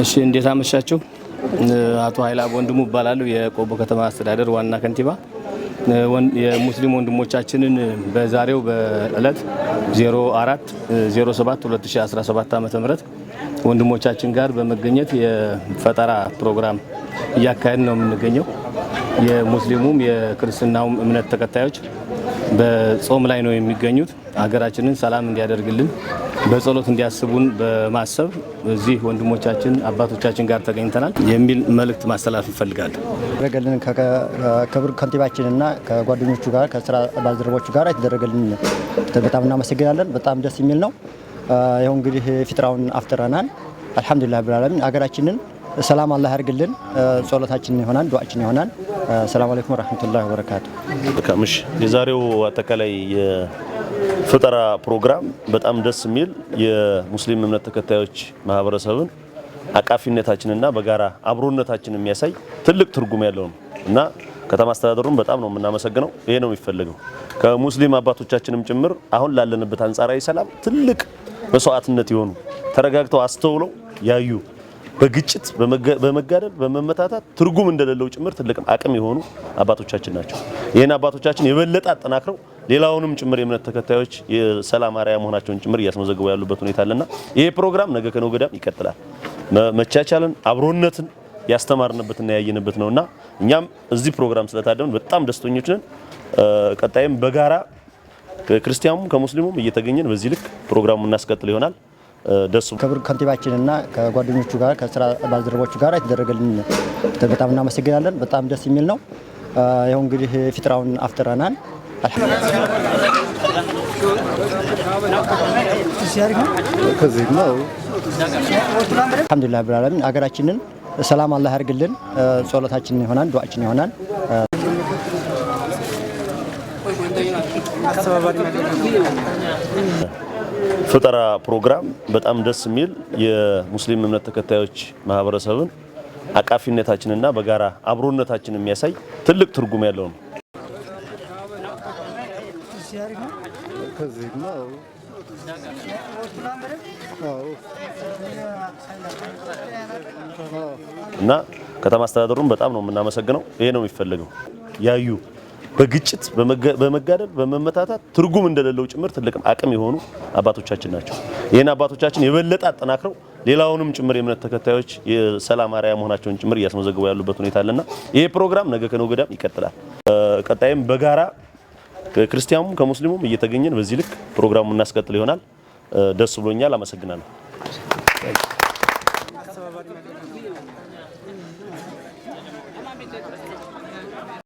እሺ እንዴት አመሻችሁ። አቶ ኃይላ ወንድሙ እባላለሁ የቆቦ ከተማ አስተዳደር ዋና ከንቲባ። የሙስሊም ወንድሞቻችንን በዛሬው በእለት 04 07 2017 ዓ.ም ወንድሞቻችን ጋር በመገኘት የፈጠራ ፕሮግራም እያካሄድ ነው የምንገኘው። የሙስሊሙም የክርስትናውም እምነት ተከታዮች በጾም ላይ ነው የሚገኙት። ሀገራችንን ሰላም እንዲያደርግልን በጸሎት እንዲያስቡን በማሰብ እዚህ ወንድሞቻችን አባቶቻችን ጋር ተገኝተናል የሚል መልእክት ማስተላለፍ እንፈልጋለን። ያደረገልን ከክብር ከንቲባችንና ከጓደኞቹ ጋር ከስራ ባልደረቦቹ ጋር የተደረገልን በጣም እናመሰግናለን። በጣም ደስ የሚል ነው። ይኸው እንግዲህ ፊጥራውን አፍጥረናል። አልሐምዱሊላህ ብልዓለሚን አገራችንን ሰላም አላህ ያርግልን። ጸሎታችን ይሆናል፣ ዱዓችን ይሆናል። ሰላም አለይኩም ወረህመቱላህ ወበረካቱ። የዛሬው አጠቃላይ ፈጠራ ፕሮግራም በጣም ደስ የሚል የሙስሊም እምነት ተከታዮች ማህበረሰብን አቃፊነታችንና በጋራ አብሮነታችን የሚያሳይ ትልቅ ትርጉም ያለው ነው እና ከተማ አስተዳደሩን በጣም ነው የምናመሰግነው። ይሄ ነው የሚፈልገው ከሙስሊም አባቶቻችንም ጭምር አሁን ላለንበት አንጻራዊ ሰላም ትልቅ መስዋዕትነት የሆኑ ተረጋግተው አስተውለው ያዩ በግጭት በመጋደል በመመታታት ትርጉም እንደሌለው ጭምር ትልቅ አቅም የሆኑ አባቶቻችን ናቸው። ይህን አባቶቻችን የበለጠ አጠናክረው ሌላውንም ጭምር የእምነት ተከታዮች የሰላም አርአያ መሆናቸውን ጭምር እያስመዘግቡ ያሉበት ሁኔታ አለና ይሄ ፕሮግራም ነገ ከነገ ወዲያም ይቀጥላል። መቻቻልን፣ አብሮነትን ያስተማርንበትና ያየንበት ነውና እኛም እዚህ ፕሮግራም ስለታደምን በጣም ደስተኞች ነን። ቀጣይም በጋራ ከክርስቲያኑም ከሙስሊሙም እየተገኘን በዚህ ልክ ፕሮግራሙን እናስቀጥል ይሆናል። ደሱ ክቡር ከንቲባችንና ከጓደኞቹ ጋር ከስራ ባልደረቦቹ ጋር የተደረገልን በጣም እናመሰግናለን። በጣም ደስ የሚል ነው። ይኸው እንግዲህ ፊጥራውን አፍጥረናል። አልሐምዱሊላህ ረብል ዓለሚን ሀገራችንን ሰላም አላህ ያርግልን። ጸሎታችን ይሆናል፣ ዱዓችን ይሆናል። ፈጠራ ፕሮግራም በጣም ደስ የሚል የሙስሊም እምነት ተከታዮች ማህበረሰብን አቃፊነታችንና በጋራ አብሮነታችን የሚያሳይ ትልቅ ትርጉም ያለው ነው። ከዚህ ነው። እና ከተማ አስተዳደሩን በጣም ነው የምናመሰግነው። ይሄ ነው የሚፈለገው። ያዩ በግጭት በመጋደል በመመታታት ትርጉም እንደሌለው ጭምር ትልቅ አቅም የሆኑ አባቶቻችን ናቸው። ይህን አባቶቻችን የበለጠ አጠናክረው ሌላውንም ጭምር የእምነት ተከታዮች የሰላም አርአያ መሆናቸውን ጭምር እያስመዘግቡ ያሉበት ሁኔታ አለና ይሄ ፕሮግራም ነገ ከነገ ወዲያም ይቀጥላል። ቀጣይም በጋራ ከክርስቲያኑም ከሙስሊሙም እየተገኘን በዚህ ልክ ፕሮግራሙ እናስቀጥል ይሆናል። ደስ ብሎኛል። አመሰግናለሁ።